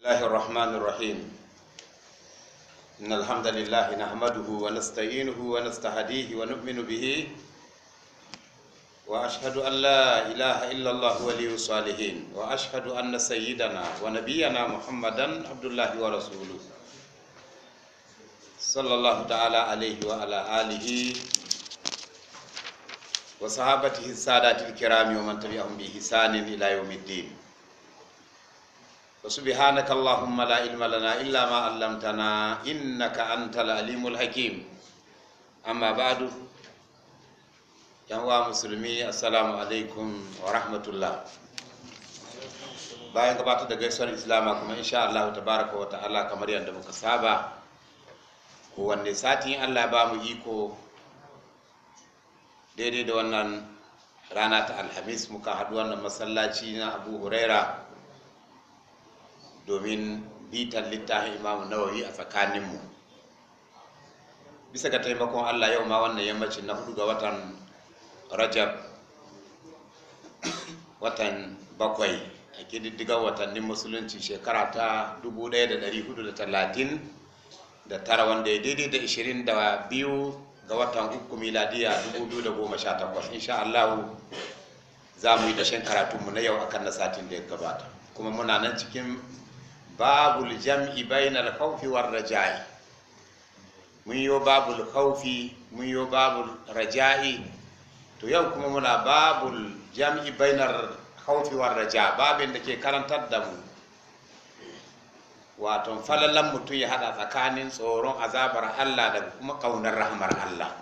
الله الرحمن الرحيم إن الحمد لله نحمده ونستعينه ونستهديه ونؤمن به وأشهد أن لا إله إلا الله ولي الصالحين وأشهد أن سيدنا ونبينا محمدا عبد الله ورسوله صلى الله تعالى عليه وعلى آله وصحابته السادات الكرام ومن تبعهم بإحسان إلى يوم الدين وسبحانك اللهم لا علم لنا إلا ما علمتنا إنك أنت العليم الحكيم أما بعد يا مسلمي السلام عليكم ورحمة الله bayan gabatar da gaisuwar islama kuma insha Allah tabaraka wa ta'ala kamar yadda muka saba kowanne satin Allah ba mu iko daidai da wannan rana ta alhamis muka haɗu wannan masallaci na abu huraira domin bitan littafin imamu nawawi a tsakaninmu bisa ga taimakon allah yau ma wannan yammacin na hudu ga watan rajab watan bakwai a ƙididdigar watannin musulunci shekara ta 1430 da tara wanda ya daidai da 22 ga watan uku miladiya 2018 insha allahu za mu yi dashen karatunmu na yau akan na satin da ya gabata kuma muna nan cikin babul jam'i bainal khawfi war raja'i mun yo babul khawfi mun yo babul raja'i to yau kuma muna babul jam'i bainar khawfi war raja babin da ke karantar da mu wato falalan mutum ya hada tsakanin tsoron azabar Allah da kuma kaunar rahmar Allah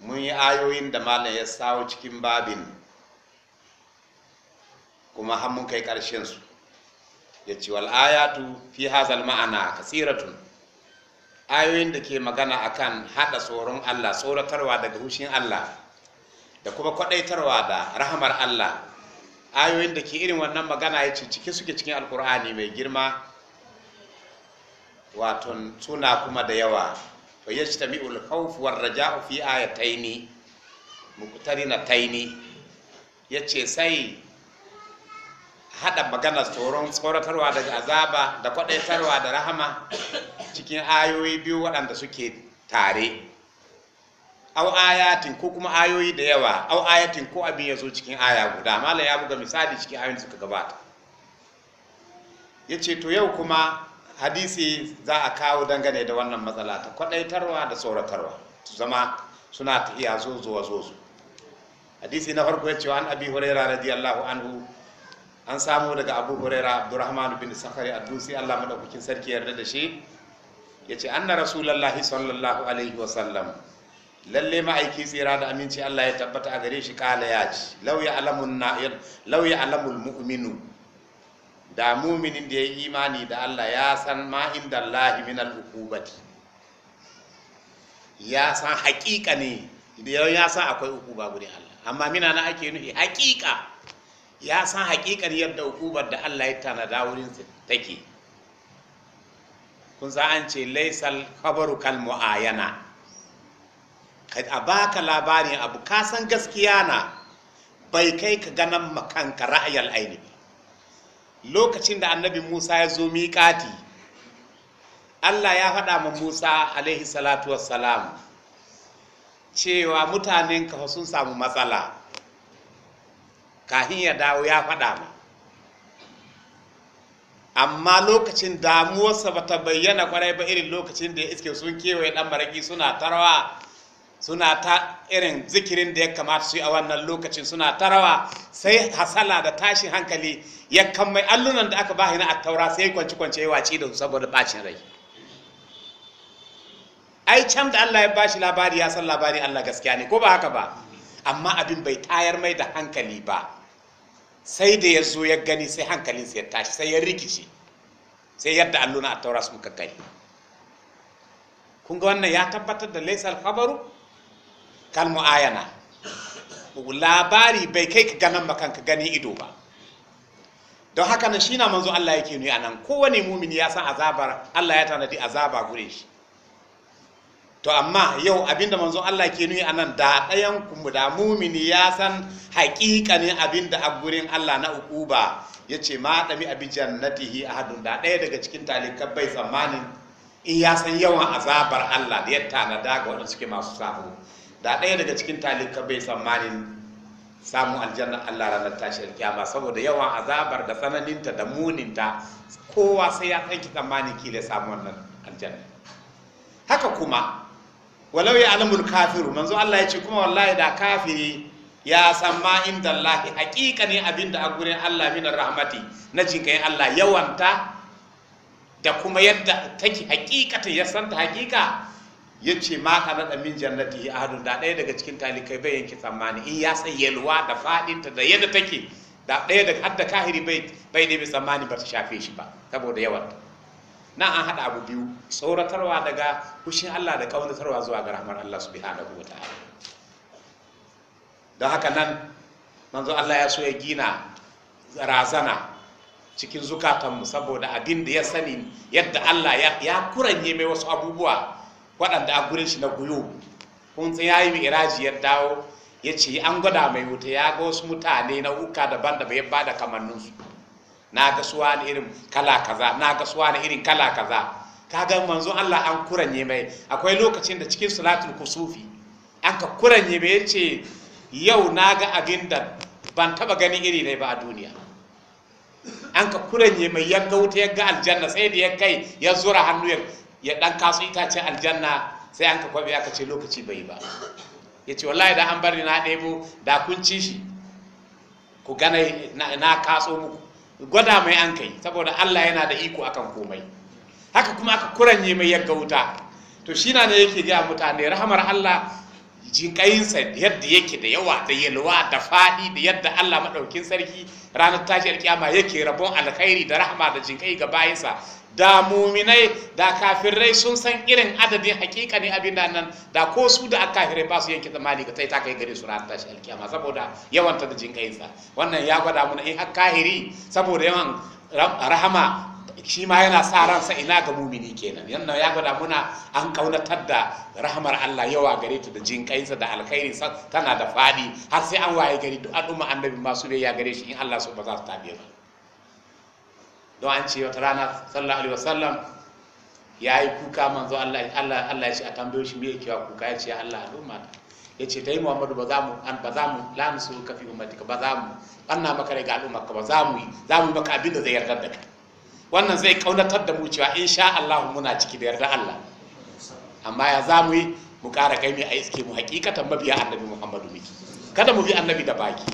mun yi ayoyin da malam ya sawo cikin babin kuma har mun kai ƙarshen su yace wal ayatu fi hazal ma'ana kasiratun ayoyin da ke magana akan hada tsoron Allah tsoratarwa daga hushin Allah da kuma kwadaitarwa da rahamar Allah ayoyin da ke irin wannan magana ya cike suke cikin alkur'ani mai girma waton suna kuma da yawa fa yajtami'ul khawf war raja'u fi ayataini na taini yace sai haɗa magana tsoron tsoratarwa daga azaba da kwaɗaitarwa da rahama cikin ayoyi biyu waɗanda suke tare au ayatin ko kuma ayoyi da yawa au ayatin ko abin ya zo cikin aya guda malam ya buga misali cikin ayoyin suka gabata ya ce to yau kuma hadisi za a kawo dangane da wannan matsala ta kwaɗaitarwa da tsoratarwa su zama suna ta iya zo zuwa zo hadisi na farko ya ce wa an abi hurera radiyallahu anhu an samu daga abu huraira abdurrahman bin sakari dusi allah madaukakin sarki yarda da shi ya ce anna rasulallahi sallallahu alaihi wasallam lalle ma'aiki tsira da aminci allah ya tabbata a gare shi kala ya ci lauya alamul mu'minu da muminin da ya yi imani da allah ya san ma inda allahi min al'ukubati ya san haƙiƙa ne ya san akwai ukuba gudun allah amma mina na ake nufi haƙiƙa ya san hakikar yadda hukumar da Allah ya tanada wurin take kun sa an ce laisal khabaru kal muayana a baka labari abu ka san gaskiya na bai kai ka ganan makanka ra'ayal aini lokacin da annabi Musa ya zo miƙati Allah ya faɗa ma Musa alaihi salatu wassalam cewa mutanen ka sun samu matsala kahin ya dawo ya faɗa ma amma lokacin damuwarsa ba ta bayyana kwarai ba irin lokacin da ya iske sun kewaye ɗan maraƙi suna tarawa suna ta irin zikirin da ya kamata su yi a wannan lokacin suna tarawa sai hasala da tashin hankali ya kammai allunan da aka bahi na attaura sai kwanci kwanci ya waci da su saboda bacin rai ai can da Allah ya ba shi labari ya san labari Allah gaskiya ne ko ba haka ba amma abin bai tayar mai da hankali ba sai da ya zo ya gani sai hankalinsa ya tashi sai ya rikice sai yadda alluna a taura muka kai kun ga wannan ya tabbatar da laisa alfabaru kalmu ayana labari bai kai ka ganin makan ka gani ido ba don haka nan shi na manzo Allah yake a anan kowane mumini ya san azabar Allah ya tanadi azaba gure shi to amma yau abinda manzon Allah ke nuni anan da ɗayan kuma da mumini ya san ne abinda a gurin Allah na ukuba ya ce ma ɗami abi jannatihi hadun da ɗaya daga cikin talikan bai tsammanin in ya san yawan azabar Allah da ya tanada ga waɗanda suke masu samu da ɗaya daga cikin talikan bai tsammanin samun aljanna Allah ranar tashar kyama saboda yawan azabar da tsananinta da muninta kowa sai ya tsanki tsammanin kila samu wannan aljanna haka kuma walau ya alamul kafiru manzo Allah ya ce kuma wallahi da kafiri ya san ma inda Allah hakika ne abinda a gurin Allah minar rahmati na jinkayin Allah yawanta da kuma yadda take hakikata ya san ta hakika ya ce ma ka da min jannati ahadun da ɗaya daga cikin talikai bai yanke tsammani in ya san yalwa da faɗinta da yadda take da ɗaya da hadda kahiri bai bai da tsammani ba ta shafe shi ba saboda yawanta Na an haɗa abu biyu tsoratarwa daga kushin Allah da kaunatarwa zuwa ga rahmar Allah subhanahu wa ta'ala don haka nan manzo Allah ya so ya gina razana cikin zukatanmu saboda abin da ya sani yadda Allah ya kuranye mai wasu abubuwa waɗanda a gurin shi na guyo kun ya yi iraji ya dawo ya ce an gwada mai wuta ya ga wasu mutane na uka daban da bai bada kamanninsu na ga suwa ne irin kala kaza na ga suwa ne irin kala kaza kaga manzo Allah an kuranye mai akwai lokacin da cikin salatul kusufi aka kuranye mai yace yau na ga abin ban taba gani iri ne ba a duniya an ka kuranye mai ya ga wuta ya ga aljanna sai da ya kai ya zura hannu ya dan kasu itacen aljanna sai an ka kwabe aka ce lokaci bai ba yace ce wallahi da an bari na ɗebo da kun ci shi ku gane na kaso muku gwada mai an kai saboda Allah yana da iko akan komai haka kuma aka kuranye mai yagga wuta to shi na ne yake gaya mutane rahamar Allah jinƙayinsa yadda yake da yawa da yalwa da faɗi da yadda Allah maɗaukin sarki ranar tashi alkiyama yake rabon alkhairi da rahama da jinƙai ga bayansa da muminai da kafirai sun san irin adadin hakika ne abin da nan da ko su da kafirai ba su yanke zamani ga tai ta kai gare su ranar tashi alkiyama saboda yawanta da jinƙayinsa wannan ya gwada mana in har kahiri saboda yawan rahama shi ma yana sa ransa ina ga mumini kenan yana ya gwada muna an kaunatar da rahamar Allah yawa gare ta da kainsa da alkhairi tana da fadi har sai an waye gari duk al'umma annabi masu bai ya gare shi in Allah su ba za su tabe ba don an ce wata rana sallallahu alaihi wasallam ya yi kuka manzo Allah Allah Allah ya ce a tambayo shi me yake kuka ya ce Allah al'umma ya ce ta yi muhammadu ba za mu an ba za mu lamisu kafi ummatika ba za mu an na maka rai ga al'umma ka ba za mu yi za mu yi maka abin da zai yarda da kai wannan zai kaunatar da mu cewa insha Allah muna ciki da yarda Allah amma ya za mu yi mu ƙara kai mai a iske mu hakikatan mabiya annabi Muhammadu miki kada mu bi annabi da baki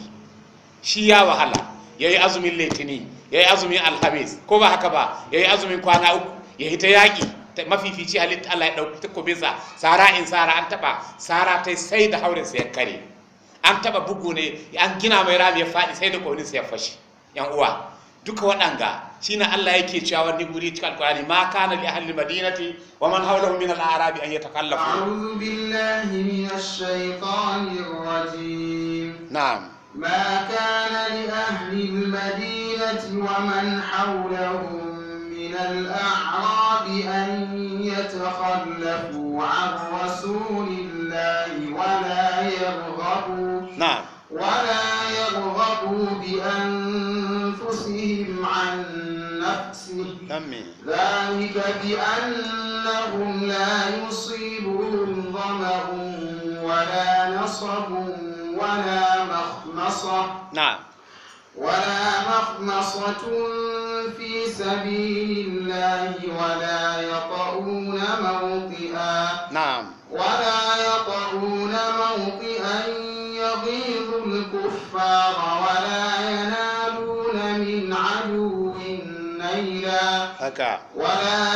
shi ya wahala ya yi azumin litini yi azumin alhamis ko ba haka ba ya yi azumin kwana uku ya ta yaƙi mafifici halitta Allah ya ɗauki takobinsa sara in sara an taɓa sara ta sai da haurinsa ya kare an taɓa bugu ne an gina mai rami ya faɗi sai da ƙauninsa ya fashi yan uwa duka wadanga shine Allah yake cewa wani guri cikin alqur'ani ma kana li ahli madinati wa man hawlahum min al-a'rabi an yatakallafu a'udhu billahi minash shaitanir rajim na'am ما كان لأهل المدينة ومن حولهم من الأعراب أن يتخلفوا عن رسول الله ولا يرغبوا نعم ولا يرغبوا بأن أنفسهم عن نفسه ذلك بأنهم لا يصيبهم ظمأ ولا نصب ولا مخمصة نعم ولا مخمصة في سبيل الله ولا يطعون موطئا نعم ولا يطعون موطئا يغيظ الكفار ولا haka wala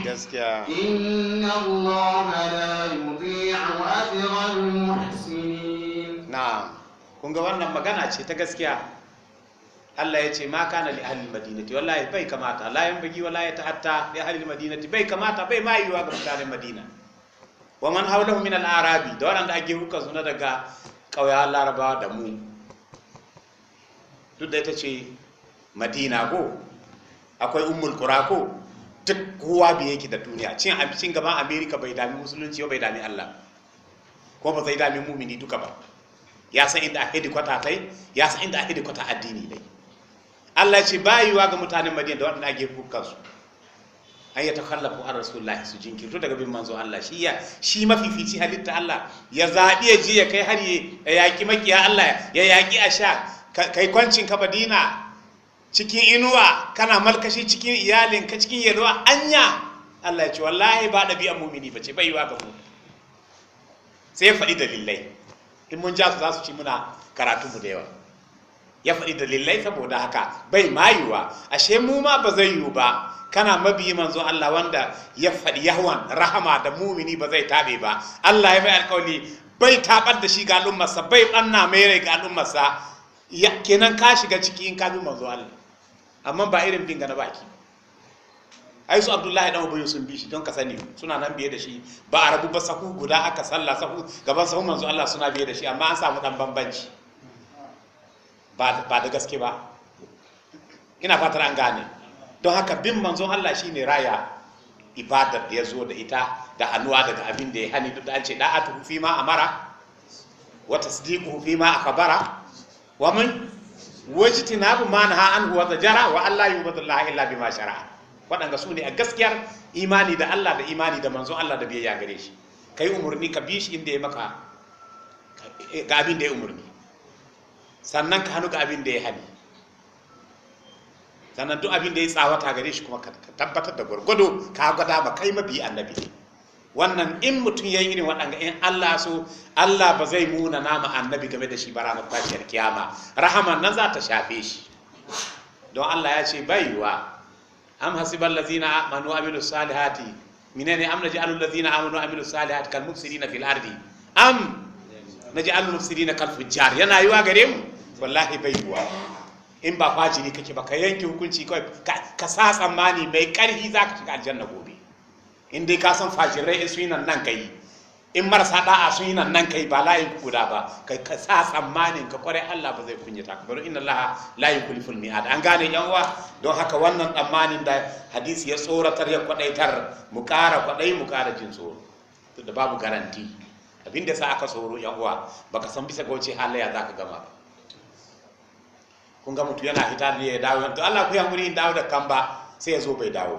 gaskiya wannan magana ce ta gaskiya Allah ya ce ma kana li ahli madinati wallahi bai kamata la yan bagi wala ya hatta li ahli madinati bai kamata bai ma yiwa ga mutanen madina wa man hawlahu min al-arabi da da ake huka zuna daga ƙauyen laraba da mu duk da ita ce madina ko akwai ummul qura ko duk kowa bai yake da duniya cin abincin gaban america bai dami musulunci bai dami allah ko ba zai dami mumini duka ba ya san inda ake dikwata kai ya san inda ake dikwata addini dai allah ce bayuwa ga mutanen madina da waɗanda ake hukansu an ya takhallafu an rasulullah su jinkirto daga bin manzo Allah shi ya shi mafifici halitta Allah ya zaɓi ya je ya kai har ya yaƙi makiya Allah ya yaki asha kai kwancin ka badina cikin inuwa kana malkashi cikin iyalin ka cikin yalwa anya Allah ya ce wallahi ba dabi'an mu'mini ce bai yiwa ga mu sai faɗi dalilai in mun ja su za su ci muna karatu mu da yawa ya faɗi dalilai saboda haka bai ma yiwa ashe mu ma ba zai yiwu ba kana mabiyi manzo Allah wanda ya faɗi yawan rahama da mumini ba zai tabe ba Allah ya mai alƙawari bai tabar da shi ga al'ummarsa bai ɓanna mai rai ga al'ummarsa kenan ka shiga ciki in ka bi manzo Allah amma ba irin bin gana baki ai su abdullahi dan ubayu sun bi shi don ka sani suna nan biye da shi ba a rabu ba sahu guda aka sallah sahu gaban sahu manzo Allah suna biye da shi amma an samu dan bambanci ba da gaske ba ina fatar an gane don haka bin manzon Allah shine raya ibadar da ya zo da ita da hannuwa daga abin da ya hani duk da an ce da'atu fi ma amara wa tasdiquhu fi ma akhbara wa min wajtinabu ma naha anhu wa zajara wa alla yubadillah illa bima shara'a waɗanda su ne a gaskiyar imani da Allah da imani da manzon Allah da biyayya gare shi kai umurni ka bi shi inda ya maka ga abin da ya umurni sannan ka hannu ga abin da ya hannu sannan duk abin da ya tsawata gare shi kuma ka tabbatar da gwargwado ka gwada ba kai mabi annabi wannan in mutum ya yi irin waɗanga in Allah so Allah ba zai muna nama annabi game da shi ba ranar tashiyar kiyama rahama nan za ta shafe shi don Allah ya ce baiwa am hasibal ladzina amanu amilu salihati minene am naj'alul ladzina amanu amilu salihati kal mufsidina fil ardi am naj'alul mufsidina kal fujjar yana yiwa gare mu wallahi bai yiwuwa in ba fajiri kake ba ka yanke hukunci kawai ka sa tsammani mai karhi za ka shiga aljanna gobe in dai ka san fajirai in sun yi nan ka kai in marasa da'a sun yi nan nan kai ba layin guda ba ka sa tsammanin ka kwarai Allah ba zai kunyata ka bari inna Allah la yukhliful mi'ad an gane yan uwa don haka wannan tsammanin da hadisi ya tsoratar ya kwadaitar mu ƙara kwadai mu ƙara jin tsoro da babu garanti abinda sa aka tsoro yan uwa baka san bisa ga wace halayya zaka gama ba kun ga mutu yana hita da ya dawo to Allah ku hankuri in dawo da kamba sai ya zo bai dawo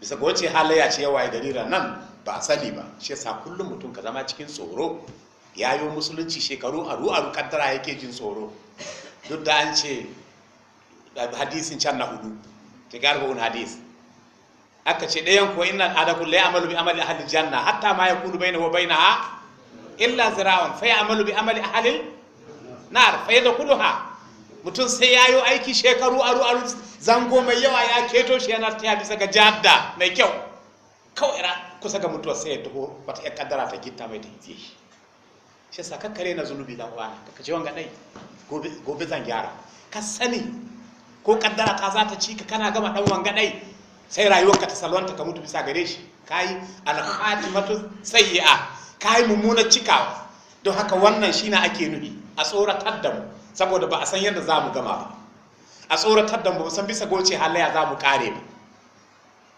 bisa ga wace halayya ce yawa gari nan ba a sani ba shi yasa kullum mutum ka zama cikin tsoro yayo musulunci shekaru aru aru kaddara yake jin tsoro duk da an ce hadisin can na hudu garba wani hadis aka ce ɗayan ko inna adaku la amalu bi amali ahli janna hatta ma ya bai na wa ha? illa zira'un fa amalu bi amali ahli da kudu ha mutum sai ya yi aiki shekaru aru aru zango mai yawa ya keto shi yana ta bisa ga jadda mai kyau kawai ra kusa ga mutuwa sai ya taho wata ya kaddara ta gitta mai ta yi shi sa kakkare na zunubi da uwana kaka ce wanga dai gobe zan gyara ka sani ko kaddara ta za ta ci ka kana gama dan wanga dai sai rayuwarka ta salwanta ka mutu bisa gare shi kayi alhatimatu sayyi'a kayi mummunar cikawa don haka wannan shi na ake nuhi a tsoratar da mu saboda ba a san yadda za mu gama ba a tsoratar da mu san bisa goce halaya za mu kare ba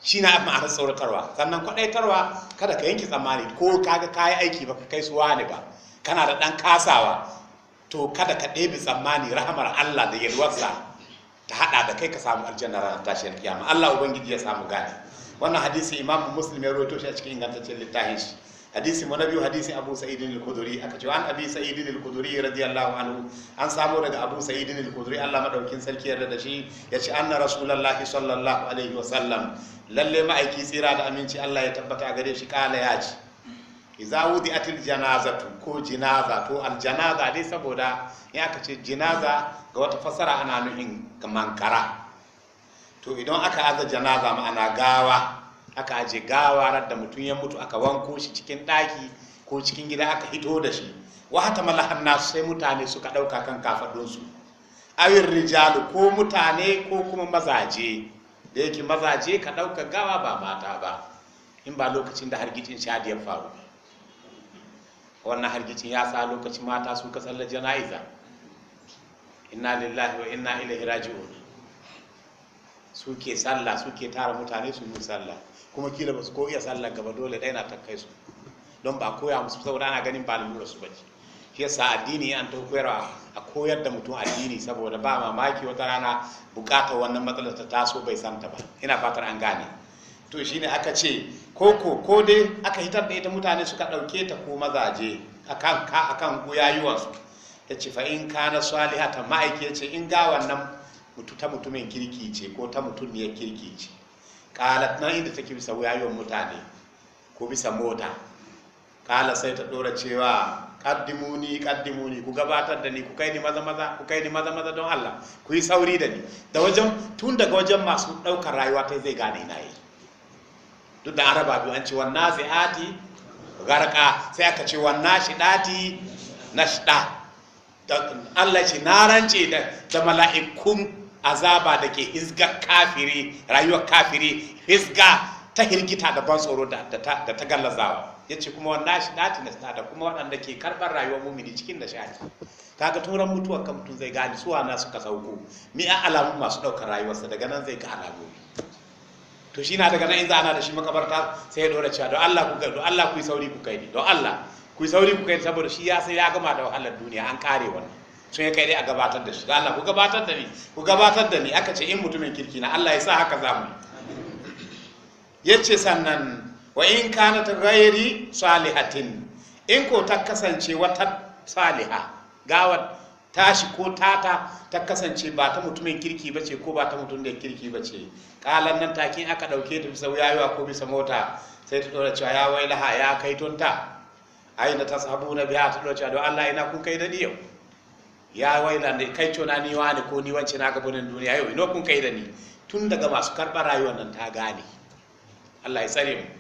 shi na ma'anar tsoratarwa sannan kwaɗaitarwa kada ka yanki tsammani ko kaga kayi aiki ba ka kai su wani ba kana da ɗan kasawa to kada ka ɗebi tsammani rahamar Allah da yalwarsa ta haɗa da kai ka samu aljanna ranar tashin kiyama Allah ubangiji ya samu gane wannan hadisi imamu musulmi ya rawaito shi a cikin ingantaccen littafin shi hadisi mu na biyu hadisi abu sa'idin al kuduri aka ce an abi sa'idin al kuduri radiyallahu anhu an samu daga abu sa'idin al kuduri Allah madaukin sarki yarda da shi yace anna rasulullahi sallallahu alaihi wa sallam lalle ma'aiki tsira da aminci Allah ya tabbata a gare shi kala ya ce wudi atil janazatu ko jinaza to al janaza dai saboda ya aka ce jinaza ga wata fasara ana nuhin kamankara to idan aka aza janaza ma'ana gawa aka aje gawa ranar da mutum ya mutu aka wanko shi cikin ɗaki ko cikin gida aka hito da shi wa hata malahan nasu sai mutane suka ɗauka kan kafaɗunsu ayin rijalu ko mutane ko kuma mazaje da yake mazaje ka ɗauka gawa ba mata ba in ba lokacin da hargitsin shadi ya faru wannan hargitsin ya sa lokacin mata suka ka jana'iza inna lillahi wa inna ilaihi raji'un suke sallah suke tara mutane su yi sallah kuma kila ba su ko iya sallah gaba dole ɗaya na takai su don ba koya musu saboda ana ganin ba lura su bace shi yasa addini an ta koyarwa a koyar da mutum addini saboda ba mamaki wata rana bukatar wannan matsalar ta taso bai santa ba ina fatar an gane to shine aka ce ko ko ko dai aka hitar da ita mutane suka ɗauke ta ko mazaje akan ka akan su ta ce fa in kana salihata ma'aikaci in ga wannan mutu ta mutumin kirki ce ko ta mutumiyar kirki ce kalat na inda take bisa wayoyin mutane ko bisa mota kala sai ta dora cewa kaddimuni kaddimuni ku gabatar da ni ku kai ni maza maza ku kai ni maza maza don Allah ku yi sauri da ni da wajen tun daga wajen masu ɗaukar rayuwa ta zai gane na yi duk da araba biyu an ce wannan zihati garka sai aka ce wannan dati na shida Allah ce na rance da mala'ikun azaba da ke izga kafiri rayuwar kafiri hizga ta hirgita da ban tsoro da ta gallazawa ya ce kuma wannan shi dati na da kuma waɗanda ke karɓar rayuwar mumini cikin da shari kaga turan mutuwar kan mutum zai gane suwa na suka sauko mi a alamu masu ɗaukar rayuwarsa daga nan zai ga alamomi to shi na daga nan in za ana da shi makabarta sai ya ɗora cewa don Allah ku don Allah ku yi sauri ku kai ni don Allah ku yi sauri ku kai saboda shi ya sai ya gama da wahalar duniya an kare wannan ya kai dai a gabatar da shi da Allah ku gabatar da ni ku gabatar da ni aka ce in mutumin kirki na Allah ya sa haka za mu yace sannan wa in kanat ghairi salihatin in ko ta kasance wata saliha gawa tashi ko tata ta kasance ba ta mutumin kirki ba ce ko ba ta mutum da kirki ba ce kalan nan take aka dauke ta bisa yayiwa ko bisa mota sai ta dora cewa ya wailaha ya kai tunta sabu na biya ta dora cewa don Allah ina kun kai da ni yau ya wai ne kai cona ni wani ko ni wance na gabanin duniya yau ino kun kai da ni tun daga masu karɓar rayuwar nan ta gane Allah ya tsare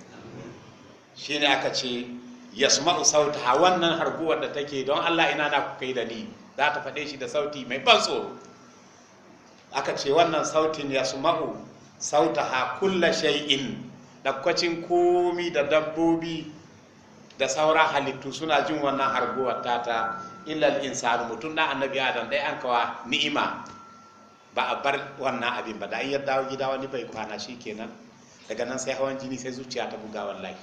mu ne aka ce yasma'u sautaha wannan harguwar da take don Allah ina na ku kai da ni za ta faɗe shi da sauti mai ban tsoro aka ce wannan sautin yasma'u sautaha kulla shay'in kwacin komi da dabbobi da sauran halittu suna jin wannan harguwar tata illal insanu mutum na annabi adam dai an kawa ni'ima ba a bar wannan abin ba da an yarda dawo gida wani bai kwana shi kenan daga nan sai hawan jini sai zuciya ta buga wallahi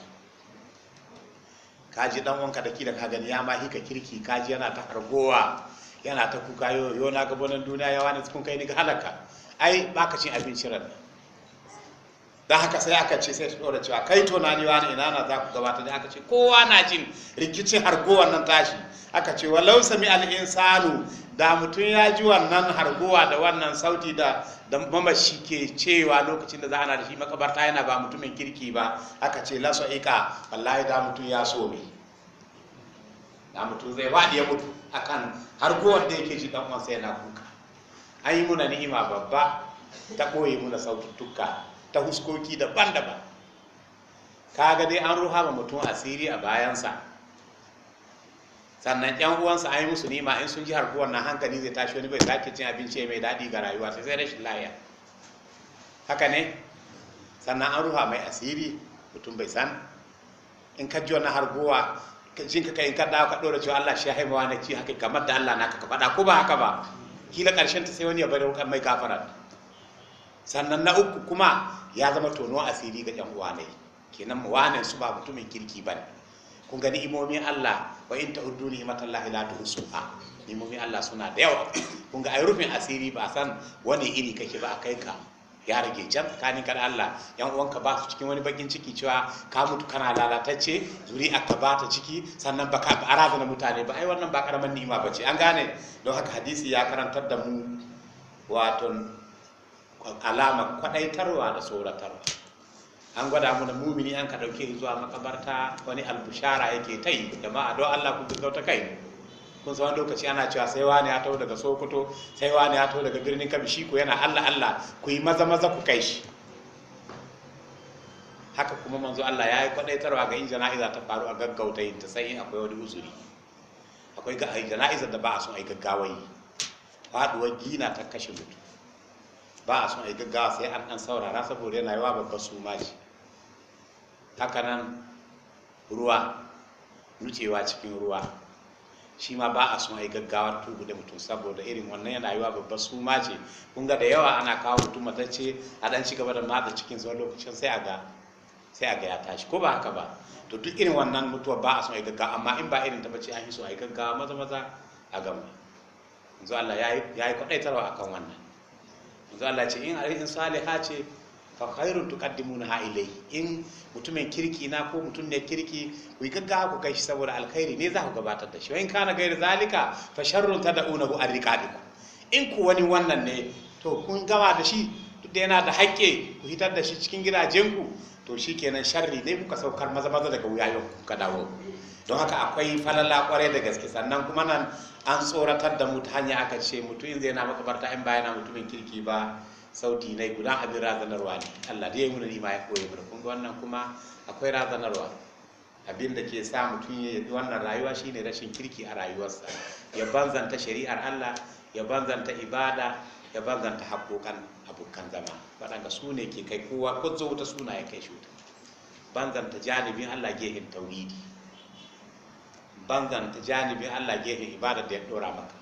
kaji dan wanka da ki ka gani ya ma hika kirki kaji yana ta argowa yana ta kuka yo yo na gabonan duniya ya wani cikin kai ni ga halaka ai baka cin abincin ran don haka sai aka ce sai su ɗora cewa kai tunani wani ina na za ku gabata da aka ce kowa na jin rikicin hargo wannan tashi aka ce walau sami al'insanu da mutum ya ji wannan hargowa da wannan sauti da da shi ke cewa lokacin da za ana da shi makabarta yana ba mutumin kirki ba aka ce laso ika wallahi da mutum ya so ne da mutum zai waɗi ya mutu akan hargowar da yake ji dan uwansa yana kuka an yi muna ni'ima babba ta ɓoye muna saututtuka tukka ta huskoki daban-daban kaga dai an ruha ma mutum asiri a bayansa sannan yan uwansa an yi musu nima in sun ji harkuwar na hankali zai tashi wani bai sake cin abinci mai daɗi ga rayuwa sai sai rashin laya haka ne sannan an ruha mai asiri mutum bai san in ka ji wani harkuwa jin ka in ka dawo ka ɗora cewa Allah shi ya haimawa na ci haka kamar da Allah naka ka faɗa ko ba haka ba kila ƙarshen ta sai wani ya bari mai gafara sannan na uku kuma ya zama tono asiri ga yan uwa ne kenan wanan su ba mutumin kirki bane kun gani ni'imomin Allah wa in ta'uddu ni'matallahi la tuhsuha imomin Allah suna da yawa kun ga ai rufin asiri ba san wani iri kake ba kai ka ya rage can tsakanin ka Allah yan ka ba su cikin wani bakin ciki cewa ka mutu kana lalatacce zuri aka ba ta ciki sannan ba ka arada na mutane ba ai wannan ba karaman ni'ima bace an gane don haka hadisi ya karantar da mu wato alama kwadaitarwa da tsoratarwa an gwada mana mumini an ka dauke zuwa makabarta wani albushara yake ta yi jama'a don Allah ku fito ta kai kun san lokaci ana cewa sai wani ya taho daga Sokoto sai wani ya taho daga birnin Kabi shi ko yana Allah Allah ku yi maza maza ku kai shi haka kuma manzo Allah ya yi kwadaitarwa ga yin jana'iza ta faru a gaggauta yin ta sai in akwai wani uzuri akwai ga jana'izar da ba a son gaggawa yi. faduwar gina ta kashe mutum ba a son a yi gaggawa sai an ɗan saurara saboda yana yawa babbar suma ce haka nan ruwa nutsewa cikin ruwa shi ma ba a son a yi gaggawa tugu da mutum saboda irin wannan yana yawa babbar suma ce kun ga da yawa ana kawo mutum matacce a ɗan ci gaba da matsa cikin zuwa lokacin sai a ga sai a ga ya tashi ko ba haka ba to duk irin wannan mutuwa ba a son a yi gaggawa amma in ba irin ta bace an yi so a yi gaggawa maza maza a gama yanzu Allah ya yi kwaɗaitarwa akan wannan manzo Allah ce in in saliha ce fa khairun tuqaddimuna ha ilai in mutumin kirki na ko mutum ne kirki ku yi gaggawa ku kai shi saboda alkhairi ne za ku gabatar da shi wa in kana gairi zalika fa sharrun tad'unahu arriqabikum in ku wani wannan ne to kun gama da shi duk da yana da haƙƙe ku hitar da shi cikin gidajenku to shi kenan sharri ne kuka saukar maza maza daga wuyayen ku ka dawo don haka akwai falala kwarai da gaske sannan kuma nan an tsoratar da mu ta hanya aka ce in zai na makabarta in ba na mutumin kirki ba sauti na guda abin razanarwa ne Allah yi mun nima ya koyi mana, kun wannan kuma akwai razanarwa abin da ke sa mutum ya yi wannan rayuwa shine rashin kirki a rayuwarsa ya banzanta shari'ar Allah ya banzanta ibada ya banzanta haƙoƙan abokan zama waɗanda su ne ke kai kowa ko zo wuta suna ya kai shi wuta banzanta janibin Allah yin tauhidi banzanta janibin Allah gefe ibada da ya dora maka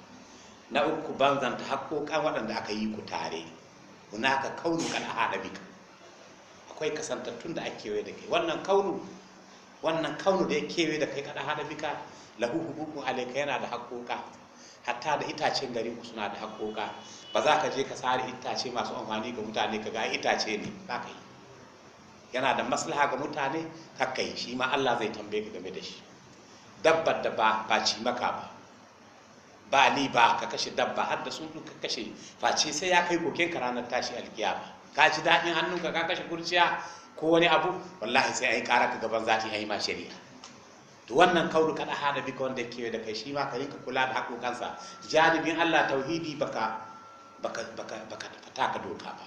na uku banzanta hakokan waɗanda aka yi ku tare ka kaunu kan hada bika akwai kasantattun da ake kewaye da kai wannan kaunu wannan kaunu da ya kewaye da kai kada hada bika lahu hukuku alayka yana da hakoka hatta da itacen gari ku suna da hakoka ba za ka je ka sare itace masu amfani ga mutane ka ga itace ne ba ka yi yana da maslaha ga mutane kakka yi shi ma Allah zai tambaye ka game da shi dabbar da ba ci maka ba ba ni ba ka kashe dabba har da sun ka kashe face sai ya kai koken ka ranar tashi ba ka ci daɗin hannunka ka kashe kurciya ko wani abu wallahi sai ai kara ka gaban zati ai ma shari'a to wannan kaulu kada hada bika wanda ke da kai shi ma ka ka kula da kansa janibin Allah tauhidi baka baka baka baka taka doka ba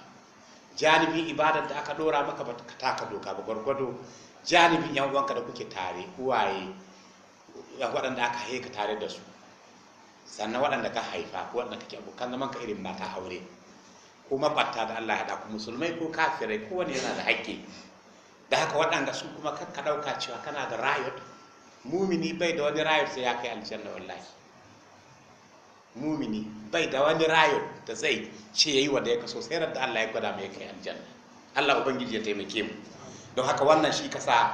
janibin ibadar da aka dora maka baka ka doka ba gwargwado janibin yan uwanka da kuke tare uwaye waɗanda aka haika tare da su sannan waɗanda ka haifa ko waɗanda kake abokan zaman ka irin mata aure ko mabatta da Allah ya da ku musulmai ko kafirai ko wani yana da haƙƙi da haka waɗanda su kuma ka ɗauka cewa kana da rayot mumini bai da wani rayot sai ya kai aljanna wallahi mumini bai da wani rayot da zai ce yayi wanda ya kaso sai da Allah ya gwada mai kai aljanna Allah ubangiji ya taimake mu don haka wannan shi kasa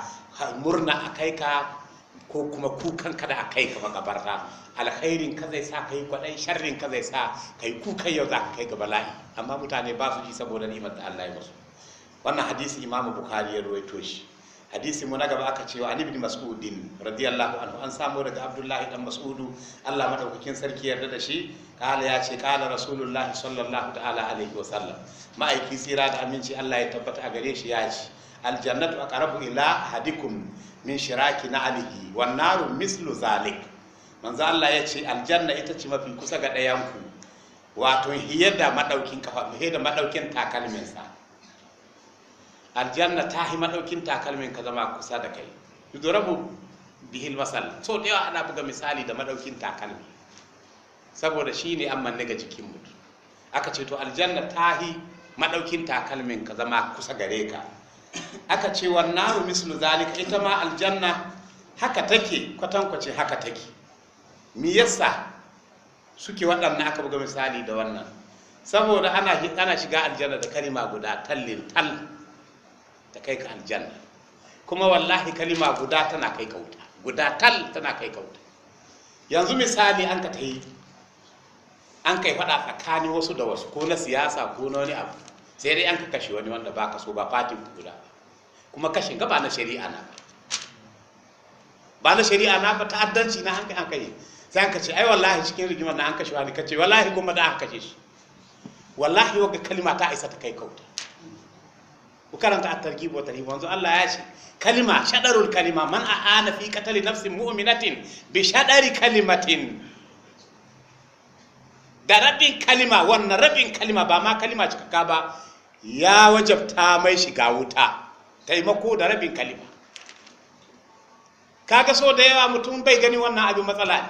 murna a kai ka ko kuma kukan kada a kai ka makabarta alkhairin ka zai sa kai kwadai sharrin ka zai sa kai kukan yau za ka kai ga bala'i amma mutane ba su ji saboda ni'imar da Allah ya musu wannan hadisi Imam Bukhari ya rawaito shi hadisi mu na gaba aka cewa Ali ibn Mas'udin radiyallahu anhu an samu daga Abdullahi dan Mas'udu Allah madaukakin sarki yarda da shi kala ya ce kala Rasulullahi sallallahu ta'ala alaihi wa sallam ma'aiki tsira da aminci Allah ya tabbata a gare shi ya ce aljannatu aqrabu ila hadikum min shiraki na alihi wannan mislu zalik manzo Allah ya ce aljanna ita ce mafi kusa ga ɗayan ku wato hiyar da madaukin kafa hiyar da madaukin takalmin sa aljanna ta hi madaukin takalmin ka zama kusa da kai yudrabu bihil masal so da yawa ana buga misali da madaukin takalmi saboda shine an manne ga jikin mutum aka ce to aljanna ta hi madaukin takalmin ka zama kusa gare ka aka ce wa naru mislu zalika ita ma aljanna haka take kwatankwace haka take me yasa suke waɗannan aka buga misali da wannan saboda ana ana shiga aljanna da kalima guda tallin tal ta kai ka aljanna kuma wallahi kalima guda tana kai kauta guda tal tana kai kauta yanzu misali an ka ta yi an kai faɗa tsakanin wasu da wasu ko na siyasa ko na wani abu sai dai an ka kashe wani wanda ba ka so ba fatin guda kuma kashe ga ba na shari'a na ba ba na shari'a na ba ta'addanci na hankali an kai sai an kace ai wallahi cikin rigimar na an kashe wani kace wallahi kuma da aka kashe shi wallahi wagga kalima ta isa ta kai kauta ku karanta at-targhib wa tarhib wanzu Allah ya ce kalima shadarul kalima man aana fi qatali nafsin mu'minatin bi shadari kalimatin da rabin kalima wannan rabin kalima ba ma kalima cikaka ba ya wajabta mai shiga wuta taimako da rabin kalima kaga so da yawa mutum bai gani wannan abin matsala ne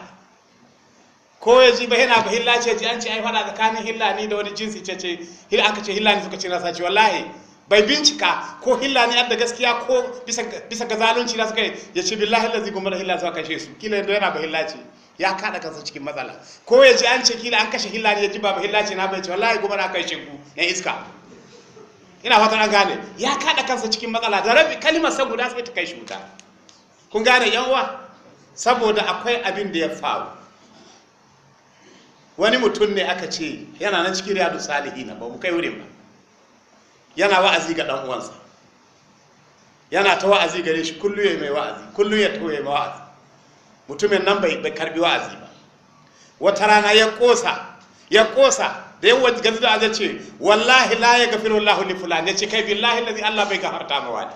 ko ya ji bai yana ba hilla ce ji an ce ai fada tsakanin hilla ne da wani jinsi ce ce hil aka ce hilla ne suka ce nasa ce wallahi bai bincika ko hilla ne da gaskiya ko bisa bisa ga zalunci da suka yi ya ce billahi lazi gumar hilla zuwa kashe su kila yadda yana ba hilla ce ya kada kansa cikin matsala ko ya ji an ce kila an kashe hilla ne ya ji ba ba hilla ce na bai ce wallahi gumar aka kashe ku na iska ina fatan an gane ya kada kansa cikin matsala da rabi kalmar sa guda sai ta kai shi wuta kun gane yawa saboda akwai abin da ya faru wani mutum ne aka ce yana nan cikin riyadu na ba mu kai wurin ba yana wa'azi ga dan uwansa yana ta wa'azi gare shi kullu ya mai wa'azi kullu ya tawaye mai wa'azi mutumin nan bai karbi wa'azi ba wata rana ya kosa ya kosa da yawan gazi da aje ce wallahi la ya gafi Allah li fulani. ya ce kai billahi lazi Allah bai gafarta ma wani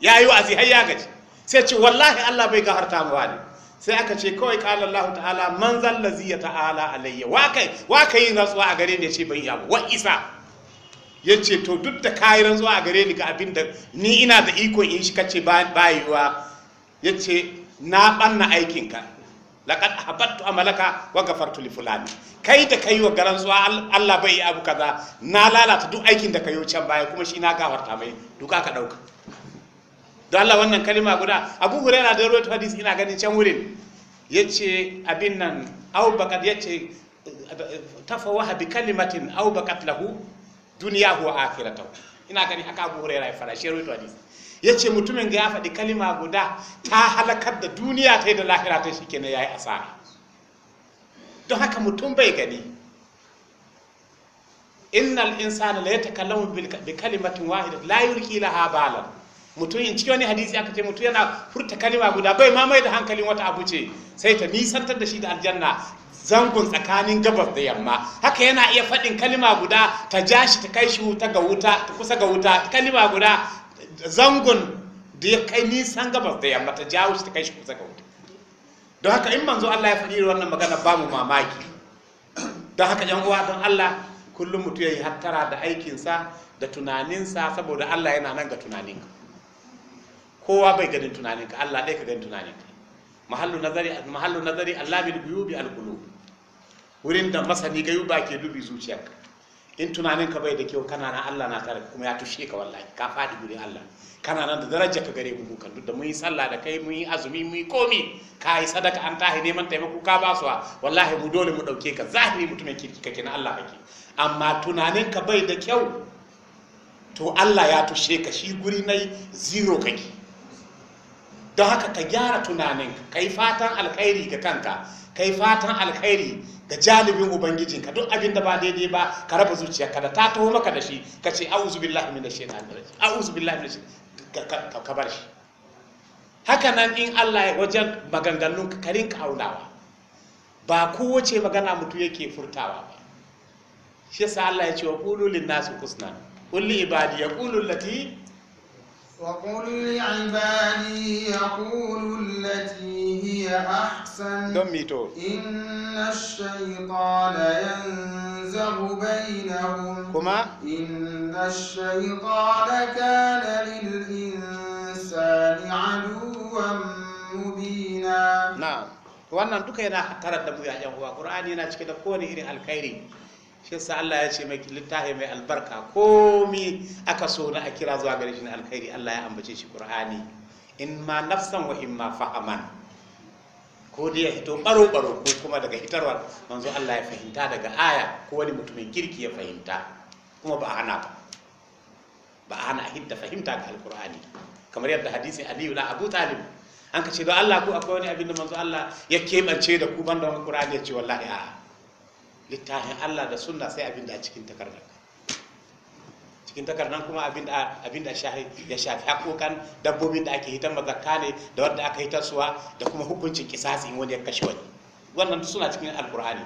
ya yi wa'azi har ya gaji sai ce wallahi Allah bai gafarta ma wani sai aka ce kawai kala Allah ta'ala man zal lazi ya ta'ala alayya wa kai wa kai zuwa a gare ni ce ban yabo wa isa ya ce to duk da kayi zuwa a gare ni ga abin da ni ina da iko in shi kace ba ya ce na banna aikinka laqad habattu amalaka wa ghafartu li fulani kai da kai wa garan zuwa Allah bai abu kaza na lalata duk aikin da kayo can baya kuma shi na gafarta mai duka ka ɗauka. don Allah wannan kalima guda Abu na da rawaito hadisi ina ganin can wurin yace abin nan au bakat yace tafawaha bi kalimatin au bakat lahu dunyahu wa akhiratahu ina ganin haka Abu na ya fara shi rawaito hadisi ya ce mutumin ga ya faɗi kalima guda ta halakar da duniya ta yi da lahira ta shi kenan ya yi asara don haka mutum bai gani innal insana la yatakallamu bi kalimatin wahida la yulqi laha balan mutum in cikin wani hadisi aka ce mutum yana furta kalima guda bai ma mai da hankalin wata abu ce sai ta nisantar da shi da aljanna zangon tsakanin gabas da yamma haka yana iya faɗin kalima guda ta ja shi ta kai shi ta ga wuta ta kusa ga wuta kalima guda zangon da ya kai nisan gabas da yamma ta jawo shi ta kai shi kusa ga wuta don haka in manzo Allah ya faɗi wannan magana ba mu mamaki don haka yan uwa don Allah kullum mutum yayi hattara da aikinsa da tunaninsa saboda Allah yana nan ga tunaninka kowa bai ganin tunaninka Allah dai ka ganin tunaninka mahallu nazari mahallu nazari Allah bil guyubi al qulub wurin da masani gayuba ke dubi zuciyarka in tunanin ka bai da kyau kana nan Allah na tare kuma ya tushe ka wallahi ka faɗi gurin Allah kana nan da daraja ka gare mu kan duk da mun yi sallah da kai mun yi azumi mun yi komi ka yi sadaka an tahi neman taimako ka ba su wallahi mu dole mu dauke ka zahiri mutumin kirki kake na Allah kake amma tunanin ka bai da kyau to Allah ya tushe ka shi guri nai zero kake don haka ka gyara tunanin ka kai fatan alkhairi ga kanka kai fatan alkhairi da janibin ubangijinka duk abin da ba daidai ba ka raba zuciyarka da ta taho maka da shi ka ce auzu billahi ash shaitanir rajim auzu billahi minash ka bar shi haka nan in Allah ya wajen maganganun ka karin kaunawa ba kowace magana mutu yake furtawa ba shi yasa Allah ya ce wa qulul lin husna qul li ibadi yaqulu allati وقل لعبادي يقولوا التي هي أحسن إن الشيطان ينزغ بينهم كما إن الشيطان كان للإنسان عدوا مبينا نعم wannan duka yana karar da mu ya yan uwa qur'ani yana cike da kowane irin alkhairi shi sa Allah ya ce mai littafi mai albarka komi aka so na a kira zuwa gare shi na alkhairi Allah ya ambace shi Qur'ani in ma nafsan wa in ma fahaman ko dai ya hito baro baro ko kuma daga hitarwa manzo Allah ya fahimta daga aya ko wani mutumin kirki ya fahimta kuma ba ana ba ba hidda fahimta ga alkur'ani kamar yadda hadisi Aliyu na Abu Talib an ka ce don Allah ko akwai wani abin da manzo Allah ya kebance da ku banda alqur'ani ya ce wallahi a'a littafin Allah da sunna sai abin da a cikin takardar cikin takardar kuma abin da ya shafi hakokan dabbobin da ake hitan mazakka ne da wanda aka hitar suwa da kuma hukuncin kisasi in wani ya kashe wani wannan suna cikin alkur'ani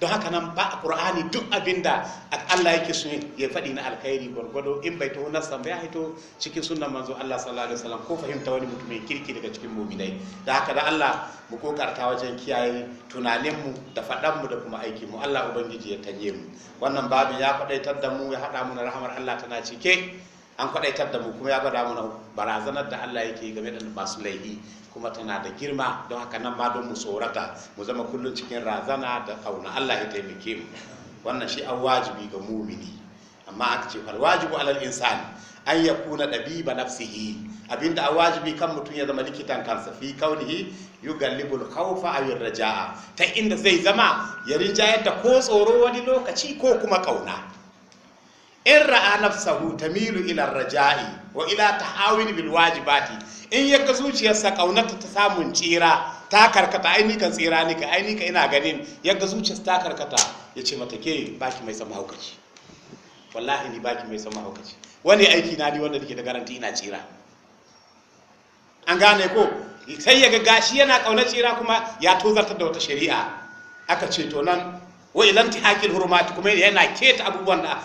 don haka nan ba a ƙur'ani duk abin da Allah yake so ya faɗi na alkhairi gwargwado in bai taho nasan ba ya haito cikin sunan manzo Allah sallallahu alaihi wasallam ko fahimta wani mutum mai kirki daga cikin mu'minai da haka da Allah mu kokarta wajen kiyaye tunanin mu da faɗan mu da kuma aiki mu Allah ubangiji ya tanye mu wannan babin ya faɗaitar da mu ya haɗa mu na rahmar Allah tana cike an kwadaitar da mu kuma ya gwada mana barazanar da Allah yake game da masu laifi kuma tana da girma don haka nan ma don mu tsorata mu zama kullum cikin razana da kauna Allah ya taimake mu wannan shi an wajibi ga mumini amma aka ce fal wajibu alal insani an ya yakuna dabiba nafsihi abinda a wajibi kan mutum ya zama likitan kansa fi kaunihi yugallibul khawfa aw raja'a ta inda zai zama ya rinjayar da ko tsoro wani lokaci ko kuma kauna in ra'a nafsahu tamilu ila raja'i wa ila tahawin bil wajibati in ya ka zuciyarsa kaunata ta samun tsira ta karkata ai kan tsira ni ka ai ka ina ganin ya ka zuciyarsa ta karkata ya ce mata ke baki mai sama haukaci wallahi ni baki mai sama haukaci wani aiki na ni wanda nake da garanti ina tsira an gane ko sai ya ga gashi yana kauna tsira kuma ya tozartar da wata shari'a aka ce to nan wa ilanti hakil hurmati kuma yana keta abubuwan da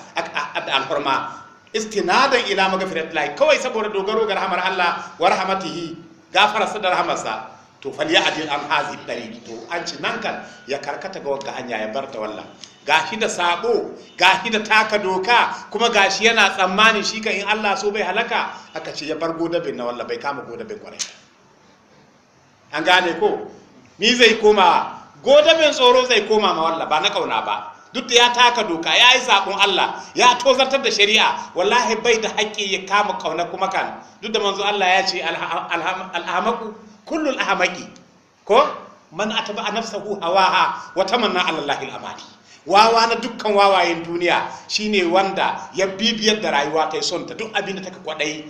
alhurma istinadan ila magfiratillahi kawai saboda dogaro ga rahmar Allah wa rahmatihi sa da sa to adil an hazi dalili to an ci nan kan ya karkata ga wagga hanya ya barta wallah gashi da sabo gashi da taka doka kuma gashi yana tsammanin shi kan in Allah so bai halaka aka ce ya bar godabin na wallah bai kama godabin kwarai an gane ko ni zai koma gobe tsoro zai koma ma wallah ba na kauna ba duk da ya taka doka ya yi zaɓin Allah ya tozartar da shari'a wallahi bai da haƙƙi ya kama kauna kuma kan duk da manzo Allah ya ce alhamaku kullul ahamaki ko man ataba nafsahu hawaha wa tamanna ala Allahi al wawa na dukkan wawayen duniya shine wanda ya bibiyar da rayuwa ta son ta duk abin da take kwadai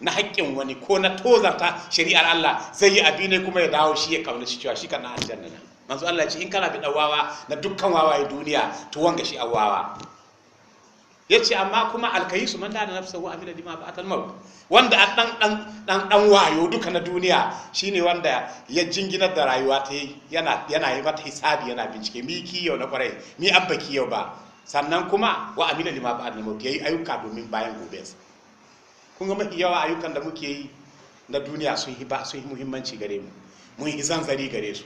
na haƙƙin wani ko na tozarta shari'ar Allah zai yi abin ne kuma ya dawo shi ya kauna shi cewa shi kan aljanna manzo Allah ya ce in kana bida wawa na dukkan wawaye duniya to wanga shi a awawa yace amma kuma alkayisu man da nafsa wa amila bima ba'atal maut wanda a dan dan wayo duka na duniya shine wanda ya jingina da rayuwa ta yana yana yi mata hisabi yana bincike mi yau na kwarai mi abba yau ba sannan kuma wa amina lima ba'atal maut yayi ayyuka domin bayan gobe kun ga mafi yawa ayyukan da muke yi na duniya sun sun yi muhimmanci gare mu mun yi zanzari gare su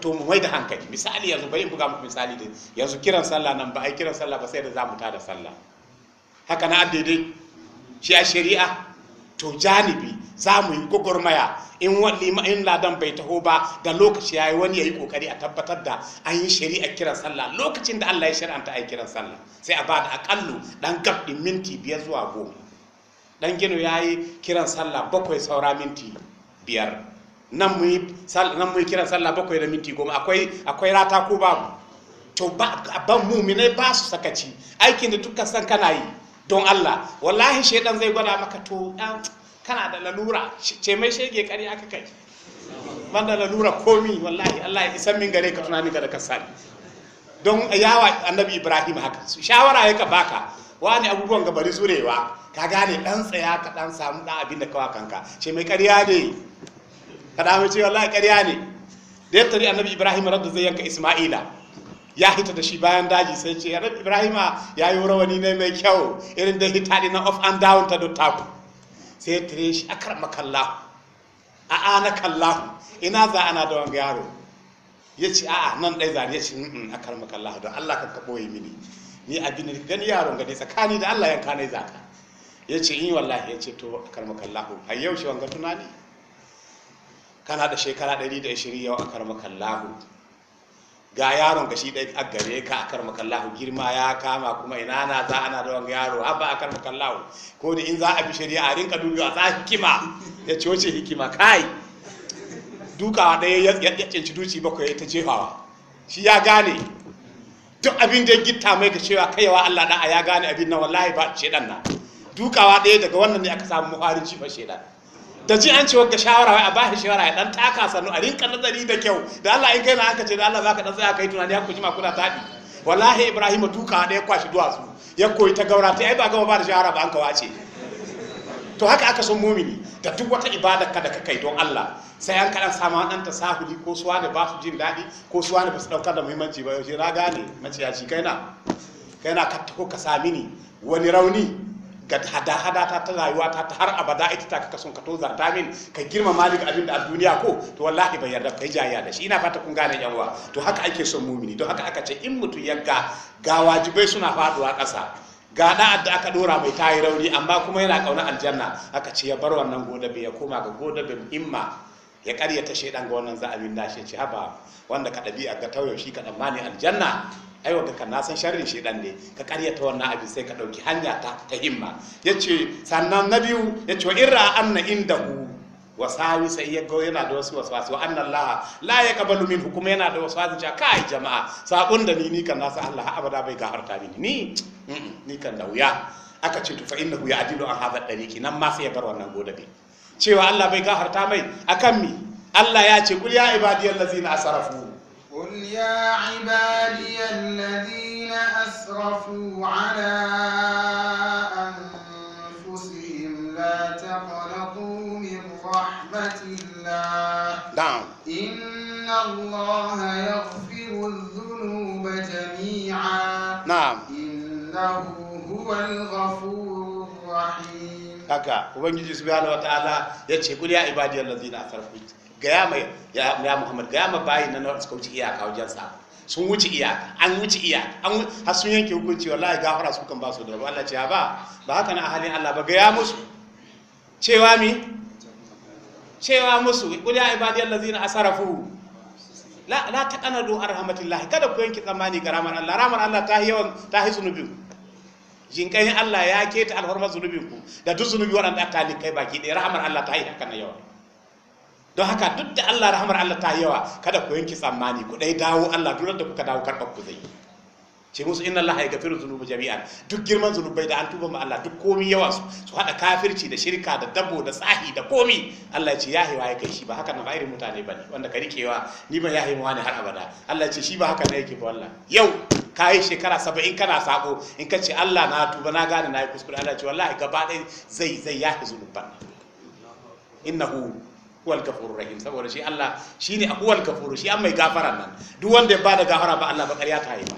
to mu mai da hankali misali yanzu bai buga muku misali da yanzu kiran sallah nan ba ai kiran sallah ba sai da zamu da sallah haka na addede shi a shari'a to janibi za mu yi gwagwarmaya in wani in ladan bai taho ba da lokaci ya wani ya yi kokari a tabbatar da an yi shari'a kiran sallah lokacin da allah ya shar'anta a kiran sallah sai a ba da akallu dan gabdi minti biyar zuwa goma dan gino yayi kiran sallah bakwai saura minti biyar nan mu yi kiran sallah bakwai da minti goma akwai rata ko babu to ban muminai ba su sakaci aikin da dukkan san kana yi don Allah wallahi shaidan zai gwada maka to kana da lalura ce mai shege kare aka kai ban da lalura komi wallahi Allah ya isan min gare ka tunani ka da ka sani don yawa annabi Ibrahim haka shawara ka baka wani abubuwan gabari zurewa ka gane dan tsaya ka dan samu dan abin da kawa kanka ce mai karya ne kada mu ce wallahi ƙarya ne da ya ni annabi ibrahim radda zai yanka isma'ila ya hita da shi bayan daji sai ce annabi ibrahima ya yi rawani ne mai kyau irin da hita ɗin off and down ta ku sai ya tare shi a karɓa kallahu a ana kalla ina za ana da wanga yaro ya ce a'a nan ɗai za ya ce a karɓa kallahu don allah kan ka ɓoye mini ni a abin gani yaro gani tsakani da allah yanka ne zaka ya ce in wallahi ya ce to a karɓa kallahu yau shi wanga tunani kana da shekara 120 yau a karmakan lahu ga yaron ga shi ɗai a gare ka a karmakan lahu girma ya kama kuma ina na za ana da wani yaro haba a karmakan lahu ko da in za a bi shari'a a rinka dubi a za hikima ya ce wace hikima kai dukawa ɗaya ya cinci duci bakwai ta jefawa shi ya gane duk abin da ya gitta mai ga cewa kaiwa Allah da a ya gane abin na wallahi ba shedan na dukawa ɗaya daga wannan ne aka samu muharin shi ba shedan da ji an cewa wagga shawara wai a ba shi shawara ya dan taka sannu a rinka nazari da kyau da Allah in kai na aka ce da Allah zaka dan tsaya kai tunani ya kuji ma kuna tadi wallahi Ibrahim duka da ya kwashi duwatsu ya koyi ta gaura ta ai ba gaba ba da shawara ba an ka ce to haka aka son mumini da duk wata ibada ka da ka kai don Allah sai an kaɗan sama dan ta sahuli ko suwa ne ba su jin daɗi ko suwa da ba su ɗaukar da muhimmanci ba yau shi na gane mace ya ci kaina kaina ka taho ka sami ni wani rauni ga hada-hada ta ta rayuwa ta ta har abada ita ta kaka son ka tozar ta min ka girma malik abin da a duniya ko to wallahi bai yarda kai jayya da shi ina fata kun gane yan uwa to haka ake son mumini to haka aka ce in mutum ya ga wajibai suna faduwa kasa ga da'ad da aka dora mai tayi rauni amma kuma yana kauna aljanna aka ce ya bar wannan godabe ya koma ga godabin imma ya ta shedan ga wannan za'abin shi ce haba wanda ka dabi'a ga tauyo shi ka tsammani aljanna ai ka na san sharrin shedan ne ka karyata wannan abin sai ka dauki hanya ta ta himma yace sannan na biyu yace wa irra anna indahu wasawi sai ya ga yana da wasu waswasi wa anna allaha la yaqbalu min kuma yana da waswasi cewa kai jama'a sabon da ni ni kan san allah abada bai gafarta mini ni ni kan da wuya aka ce to fa innahu ya'dilu an hadha dariqi nan ma sai ya bar wannan godabe cewa allah bai gafarta mai akan mi allah ya ce kul ya ibadiyallazina asrafu يا عبادي الذين أسرفوا على أنفسهم لا تقلقوا من رحمة الله نعم إن الله يغفر الذنوب جميعا نعم إنه هو الغفور الرحيم هكا ubangiji subhanahu wataala ya ce kul ya ibadiyal ladina gaya mai ya muhammad gaya ma bayi na nawa suka wuce iyaka wajen sa sun wuce iyaka an wuce iyaka an har sun yanke hukunci wallahi gafara su kan ba su da Allah ce ba ba haka na halin Allah ba gaya musu cewa mi cewa musu qul ya zina a asrafu la la taqanadu arhamatillah kada ku yanke tsammani ga ramar Allah ramar Allah ta yi yawan ta yi zunubin jinkayin Allah ya keta alhormar zunubin ku da duk zunubi waɗanda aka kai baki ɗaya rahamar Allah ta yi hakan na don haka duk da Allah rahmar Allah ta yawa kada ku yanki tsammani ku dai dawo Allah duk da kuka dawo karɓar ku zai ce musu inna Allah ya gafiru zunubu jami'an duk girman zunubai da an tuba ma Allah duk komi yawa su su hada kafirci da shirka da dabo da tsahi da komi Allah ya ce ya hewa ya kai shi ba haka na irin mutane bane wanda ka rikewa ni ba ya hewa ne har abada Allah ya ce shi ba haka ne yake ba wallah yau ka yi shekara saba'in kana sako in ka ce Allah na tuba na gane na yi kuskure Allah ya ce wallahi gaba ɗaya zai zai yahi zunuban innahu huwal kafurur rahim saboda shi Allah shine huwal kafuru shi an mai gafara nan duk wanda ya bada gafara ba Allah ba ƙarya ta yi ba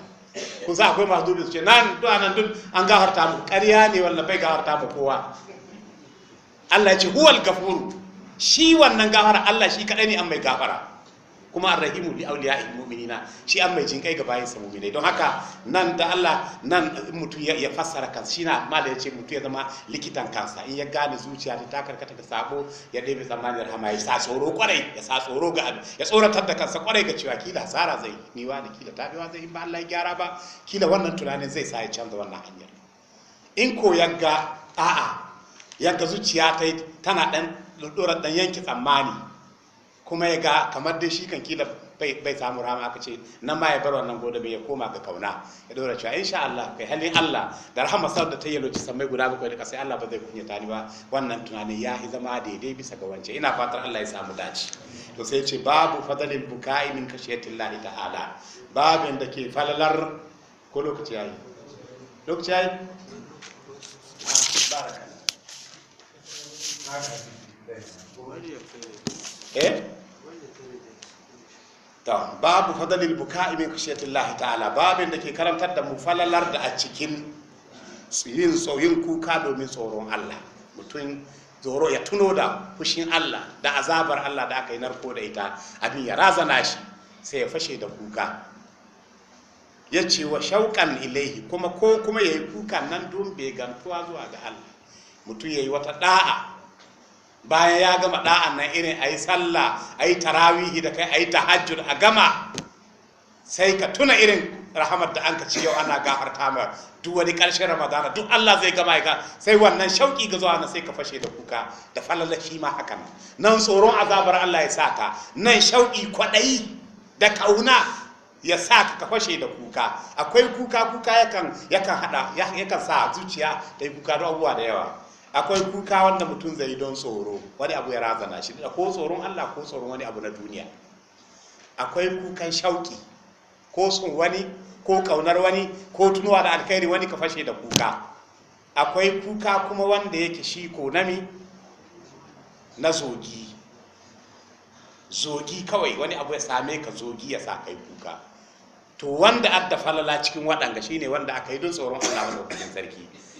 kun sa akwai masu dubi su ce nan to anan dun an gafarta mu ƙarya ne wallahi bai gafarta mu kowa Allah ya ce huwal kafuru shi wannan gafara Allah shi kadai ne an mai gafara kuma arrahimu li awliya mu'minina shi an mai jinkai ga bayin sa mu'minai don haka nan da Allah nan mutum ya fassara kansa shi na malai yace ce ya zama likitan kansa in ya gane zuciya ta ta karkata da sabo ya ɗebe zamanin rahama ya sa tsoro kwarai ya sa tsoro ga abin ya tsoratar da kansa kwarai ga cewa kila sara zai wa da kila tabewa zai in ba Allah ya gyara ba kila wannan tunanin zai sa ya canza wannan hanyar in ko yanka a'a zuciya ta tana dan dan yanke tsammani kuma ya ga kamar da shi kan kila bai samu rama aka ce nan ma ya bar wannan goda bai ya koma ga kauna ya dora cewa insha Allah kai halin Allah da rahama sau da ta yaloci sammai guda bakwai da kasai Allah ba zai kunyata ni ba wannan tunanin ya yi zama daidai bisa ga wance ina fatar Allah ya samu dace to sai ce babu fadalin buka'i min kashiyatin lahi ta'ala babin da ke falalar ko lokaci yayi lokaci yayi barakallahu eh babu fadalil buka'i min khashiyatillahi ta'ala babin da ke karantar da mu falalar da a cikin yin tsoyin kuka domin tsoron Allah mutum zoro ya tuno da fushin Allah da azabar Allah da aka yi narko da ita abin ya razana shi sai ya fashe da kuka ya ce wa shauƙan ilaihi kuma ko kuma ya yi kuka nan don bai gantuwa zuwa ga Allah mutum ya yi wata ɗa'a bayan ya gama da'an nan irin a yi sallah a yi tarawihi da kai a yi tahajjud a gama sai ka tuna irin rahamar da an ka ci yau ana gafar tamar duk wani ƙarshen ramadana duk Allah zai gama ga sai wannan shauƙi ga zuwa na sai ka fashe da kuka da falalashi ma hakan nan tsoron azabar Allah ya sa ka nan shauƙi kwaɗayi da kauna ya sa ka fashe da kuka akwai kuka kuka yakan yakan yakan sa zuciya da kuka da abubuwa da yawa akwai kuka wanda mutum zai don tsoro wani abu ya razana shi da ko tsoron Allah ko tsoron wani abu na duniya akwai kukan shauki ko tsoron wani ko kaunar wani ko tunuwa da alkhairi wani ka fashe da kuka akwai kuka kuma wanda yake shi ko nami na zogi zogi kawai wani abu ya same ka zogi ya sa kai kuka to wanda adda falala cikin waɗanga shine wanda aka yi don tsoron Allah wanda sarki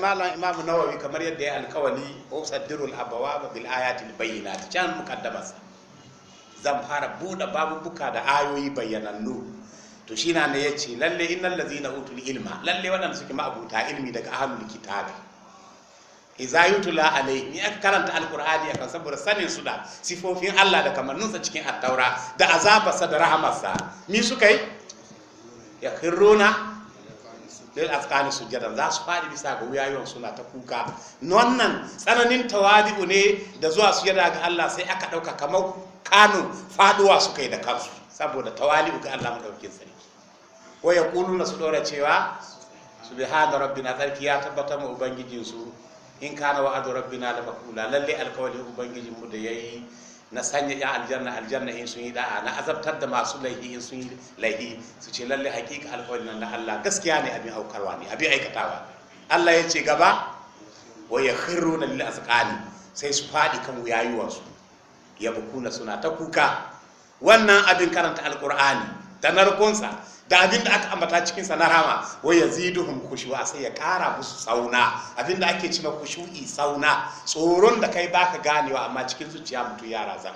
malam imamu nawawi kamar yadda ya alkawali usaddirul abawaba bil ayatil bayyinat can mukaddamas zan fara buɗe babubuka da ayoyi bayyanannu to shi na ne yace lalle innal ladzina utul ilma lalle wadanda suke ma'abuta ilmi daga ahlul kitabi idza yutula alayhi ya aka karanta alqur'ani kan saboda sanin su da sifofin Allah da sa cikin attaura da azabarsa da rahamarsa mi suka yi khiruna lil su sujadan za su faɗi bisa ga wuyayuwan suna ta kuka wannan tsananin tawadi'u ne da zuwa su yada ga Allah sai aka ɗauka kamar kanun faɗuwa su kai da kansu saboda tawali'u ga Allah madaukakin sarki wa yaquluna su dora cewa subhana rabbina sarki ya tabbatar ma ubangijinsu in kana wa'adu rabbina la maqula lalle alkawalin ubangijinmu da yayi na sanya ya aljanna aljanna in sun yi da'a na azabtar da masu laihi in sun yi laihi su ce lalle hakika alƙawarin nan na Allah gaskiya ne abin aukarwa ne abin aikatawa Allah ya ce gaba wa na lil azqani sai su faɗi kan wuyayuwansu ya bukuna suna ta kuka wannan abin karanta alƙur'ani da narkunsa da abin da aka ambata cikin sa na rama wa yaziduhum khushu'a sai ya kara musu sauna abin da ake cewa khushu'i sauna tsoron da kai baka ganewa amma cikin zuciya mutu ya raza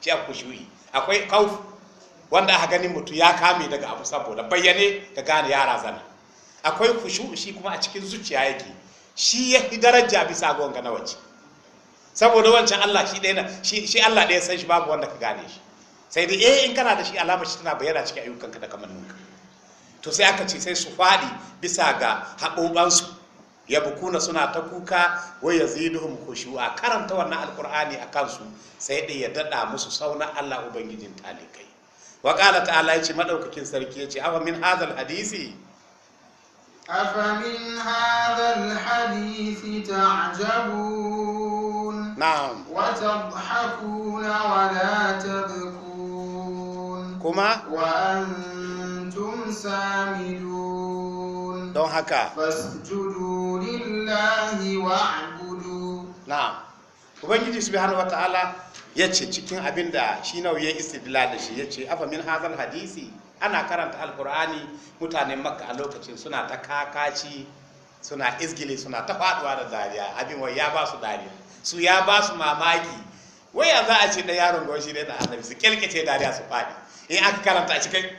ce khushu'i akwai kauf wanda aka gani mutu ya kame daga abu saboda bayyane ka gane ya razana akwai khushu'i shi kuma a cikin zuciya yake shi ya fi daraja bisa gonga na waje saboda wancan Allah shi ɗaya shi Allah ɗaya san shi babu wanda ka gane shi sai da eh in kana da shi alamar shi tana bayyana cikin ayyukanka da kamanninka to sai aka ce sai su faɗi bisa ga haɓoɓansu ya bukuna suna ta kuka wai ya ziduhum a karanta wannan alqur'ani a kansu sai dai ya dada musu sauna Allah ubangijin talikai wa qala ta'ala yace madaukakin sarki yace afa min hadal hadisi afa min hadisi ta'jabun na'am wa tadhakuna wa la kuma wa samidun don haka fasjudu lillahi wa'budu na'am ubangiji subhanahu wataala yace cikin da shi nauye istidila da shi yace ce afamin hazal hadisi ana karanta alkur'ani mutanen makka a lokacin suna ta kakaci suna izgili suna ta faduwa da dariya abin wai ya ba su dariya su ya ba su mamaki wai ya za a ce da yaron gwashi da annabi su kelkece dariya su fadi in aka karanta shi kai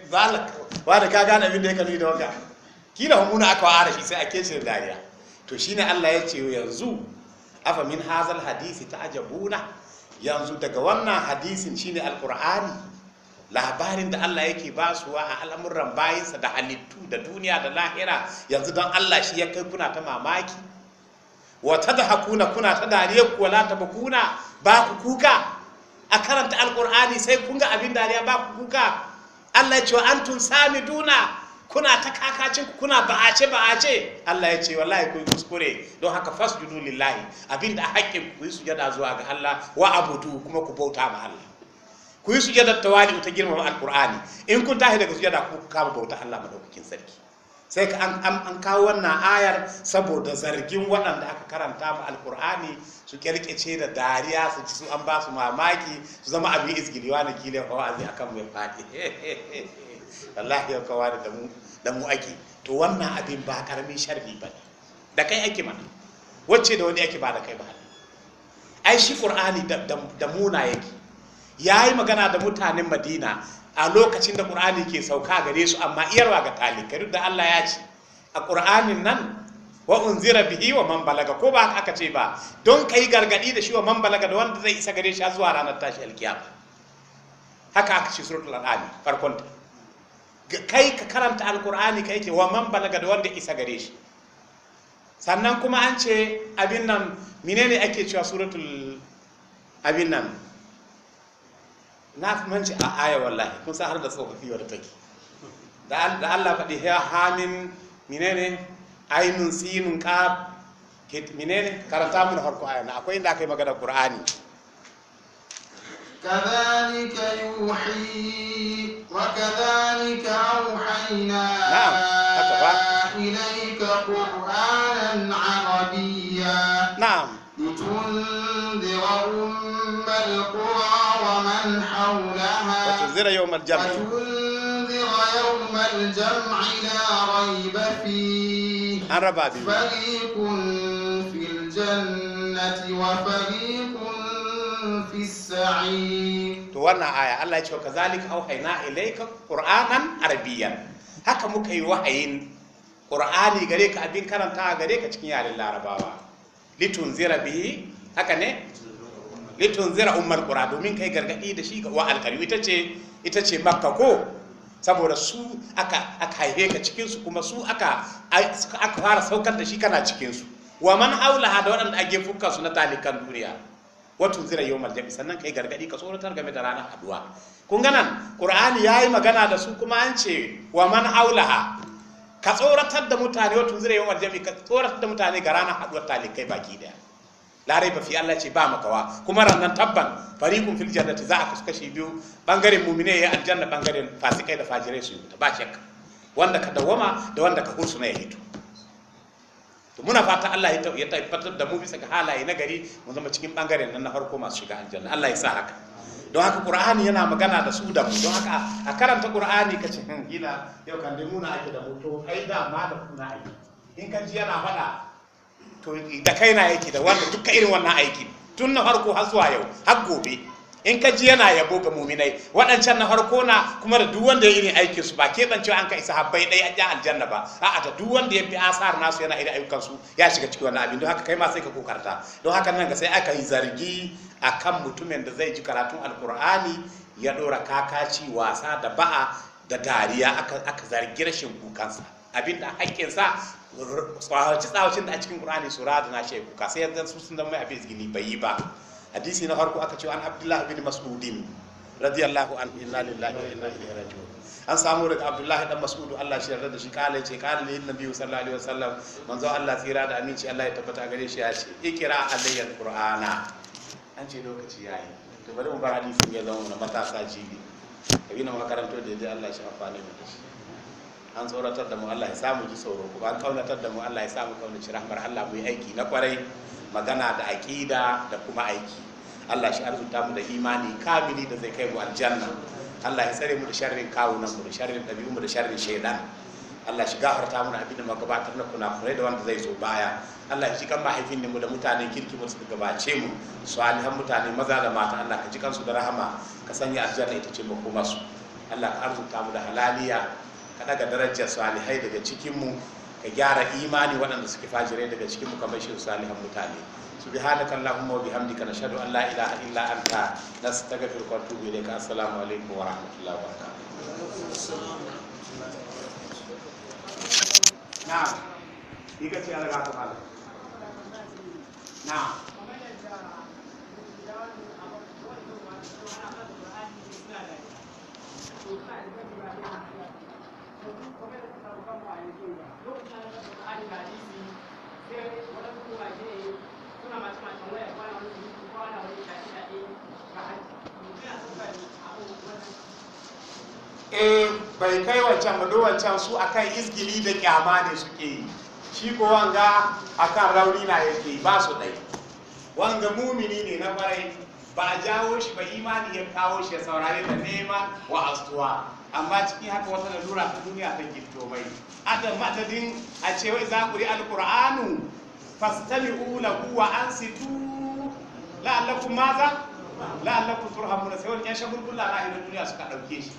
wani ka gane abin da ya kalli da waka kila humuna aka wa'ara shi sai a shi da dariya to shi ne Allah ya ce yanzu afa min hazal hadisi ajabuna yanzu daga wannan hadisin shi shine alkur'ani labarin da Allah yake basuwa a al'amuran bayinsa da halittu da duniya da lahira yanzu don Allah shi ya kai kuna ta mamaki Wata da hakuna kuna ta dariya ku wala kuna ba ku kuka a karanta alkur'ani sai kun ga abin dariya ba ku kuka Allah ya ce wa antum duna kuna ta kakacin ku? kuna ba'ace ba'ace Allah ya ce wallahi ku kuskure don haka fasjudu lillahi abinda haƙƙin ku yi sujada zuwa ga Allah wa abudu kuma ku bauta ma Allah ku yi sujada tawali ta girmama alkur'ani in kun tashi daga sujada ku kama bauta Allah madaukakin sarki sai an kawo wannan ayar saboda zargin waɗanda aka karanta ma alkur'ani su kyalkice da dariya su ci su an ba su mamaki su zama abin izgiliwa na kawai a akan mai faɗi wallahi ya kawa da da mu ake to wannan abin ba karamin sharri ba da kai ake mana wacce da wani ake ba da kai ba ai shi qur'ani da muna yake yayi magana da mutanen madina a lokacin da ƙur'ani ke sauka gare su amma iyarwa ga talikari da Allah ya ce a ƙur'anin nan wa unzira bihi wa man balaga ko ba aka ce ba don ka yi gargadi da shi wa man balaga da wanda zai isa gare shi har zuwa ranar tashi alkiyama haka aka ce suratul an'am farkon ta kai ka karanta alqur'ani kai ke wa man balaga da wanda isa gare shi sannan kuma an ce abin nan menene ake cewa suratul abin nan na manci a aya wallahi kun sa har da tsofaffi wadda take da Allah faɗi ya hamin minene ainun sinun qaf minene karanta mun harko aya na akwai inda aka yi magana qur'ani كذلك يوحي وكذلك أوحينا نعم. إليك قرآنا عربيا نعم وتنذر يوم الجمع وتنذر يوم الجمع لا ريب فيه فريق في الجنة وفريق في السعير توانا آية الله يشوك كذلك أو أوحينا إليك قرآنا عربيا هكا مكي وحين قرآني غريك أبين تاع غريك أشكيني على الله رباوا litunzira bihi haka ne litunzira ummar qura domin kai gargadi da shi ga wa alkari ita ce ita ce makka ko saboda su aka aka haife ka cikin su kuma su aka aka fara saukar da shi kana cikin su wa man aulaha da waɗanda ake fuka su na talikan duniya wa tunzira yawmal jami sannan kai gargadi ka tsoratar game da ranar haduwa kun ga nan qur'ani yayi magana da su kuma an ce wa man aulaha ka tsoratar da mutane wato zira yawan jami ka tsoratar da mutane ga ranar haduwar talikai baki daya larai ba fi Allah ce ba makawa kuma ranar tabban kun fil jannati za a kasu kashi biyu bangaren mu'mine ya aljanna bangaren fasikai da fajirai su yi ba shakka wanda ka dawwama da wanda ka na ya hito to muna fata Allah ya tabbatar da mu bisa ga halaye na gari mu zama cikin bangaren nan na farko masu shiga aljanna Allah ya sa haka don haka qur'ani yana magana da su da mu don haka a karanta qur'ani kace hin hmm, gina yau kan dai muna ake da mu to ai da ma da kuna aiki in ka ji yana fada to da kai na aiki da wanda duka irin wannan aiki tun na farko har zuwa yau har gobe in ka ji yana yabo ga muminai waɗancan na farko na kuma da duk wanda ya irin aikin su ba cewa an ka isa habbai dai an aljanna ba a'a da duk wanda ya bi asar nasu yana irin ayyukan su ya shiga cikin wannan abin don haka kai ma sai ka kokarta don haka nan ga sai aka yi zargi akan mutumin da zai ji karatun alkur'ani ya ɗora kakaci wasa da ba'a da dariya aka zargi rashin kukansa abin da haƙƙinsa tsawaci tsawacin da a cikin ƙur'ani sura da na shi kuka sai yanzu sun zama abin gini bai yi ba hadisi na farko aka ce an abdullah bin mas'udin radiyallahu anhu inna lillahi wa inna ilaihi raji'un an samu daga abdullahi dan mas'ud Allah shi yarda da shi kala ce kala lin nabi sallallahu alaihi wasallam manzo Allah tsira da aminci Allah ya tabbata gare shi ya ce ikra alayya alqur'ana an ce lokaci yayi to bari mu bar hadisin ya zama na matasa jibi kabina makarantar da dai Allah shi amfani da shi an tsoratar da mu Allah ya samu ji tsoro kuma an kaunatar da mu Allah ya samu kaunaci rahmar Allah mu yi aiki na kwarai magana da aƙida da kuma aiki Allah shi arzuta mu da imani kamili da zai kai mu aljanna Allah ya tsare mu da sharrin kawunan mu da sharrin ɗabi'u mu da sharrin shaidan Allah shi gafarta na abin da magabatar na kuna kure da wanda zai zo baya Allah shi kan mahaifin mu da mutanen kirki mu suka gabace mu salihan mutane maza da mata Allah ka ji kansu da rahama ka sanya aljanna ita ce kuma su Allah ka arzuta mu da halaliya ka daga darajar salihai daga cikinmu ka gyara imani waɗanda suke fajirai daga cikinmu kamar shi salihan mutane subhanaka bi wa bihamdika nashhadu an la ilaha illa anta nastaghfiruka wa atubu ilayka assalamu alaikum wa rahmatullahi wa barakatuh na'am ika ce alaga ta malam na'am Thank eh bai kai wancan ba wancan su akan izgili da kyama ne suke yi shi ko wanga akan rauni na yake ba su ɗai wanga mumini ne na farai ba a jawo shi ba imani ya kawo shi ya saurari da nema wa astuwa amma cikin haka wata lalura ta duniya ta gifto mai adam madadin a ce wai za ku yi alqur'anu ula kuwa an situ la'allaku maza turha muna sai wani yan shagulgula na duniya suka ɗauke shi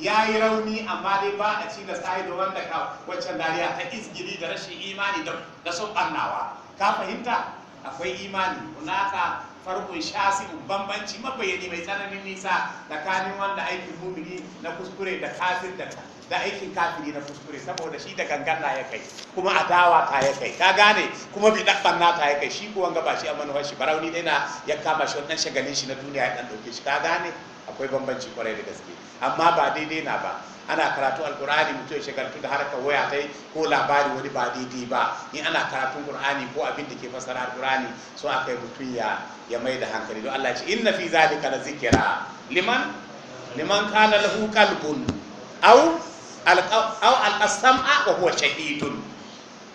ya yi rauni amma dai ba a ci da tsaye da wanda ka waccan dariya ta izgiri da rashin imani da sun ɓannawa ka fahimta akwai imani ka. farkon shasi bambanci mabayani mai tsananin nisa tsakanin wanda aikin mumini na kuskure da kafin da da aikin kafiri na kuskure saboda shi da na ya kai kuma adawa ta ya kai ka gane kuma bi dan na ta ya kai shi ko wanga ba shi a shi barauni dai na ya kama shi wannan shagalin shi na duniya ya dan dauke shi ka gane akwai bambanci kwarai da gaske amma ba daidai na ba ana karatu alkur'ani mutum ya shagaltu da harkar waya ta ko labari wani ba daidai ba in ana karatun qur'ani ko abin da ke fasara alkur'ani so akai mutum ya mai da hankali don Allah na ce inna fi zalika la zikira liman liman kana lahu qalbun aw al'asam aw al asma wa shahidun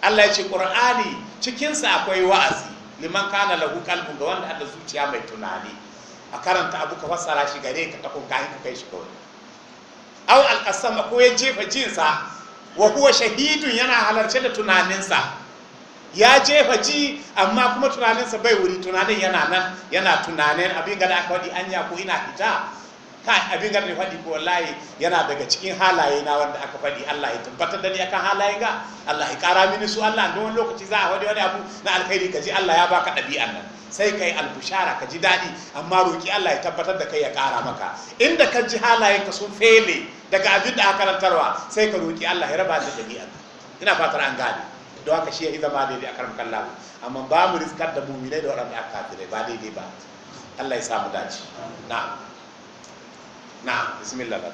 Allah ya ce qur'ani cikin akwai wa'azi liman kana lahu qalbun ga wanda da zuciya mai tunani a karanta abu ka fassara shi gare ka takun kayan ka kai shi kawai aw alqasama ko ya jefa jinsa wa huwa shahidun yana halarce da tunaninsa ya jefa ji amma kuma tunaninsa bai wuri tunanin yana nan yana tunanin abin ga da aka wadi anya ko ina fita kai abin gar ne faɗi ko wallahi yana daga cikin halaye na wanda aka faɗi Allah ya tabbatar da ni akan halayen ga Allah ya kara mini su Allah don wani lokaci za a wani abu na alkhairi kaji Allah ya baka ɗabi'an nan sai kai albushara ka ji daɗi amma roki Allah ya tabbatar da kai ya kara maka inda ka ji halayenka sun fele daga abin da aka karantarwa sai ka roki Allah ya raba da ɗabi'an ina fatar an gane don haka shi ya zama daidai a karam kallahu amma ba mu riskar da muminai da waɗanda aka kafirai ba daidai ba Allah ya samu dace na'am na'am bismillah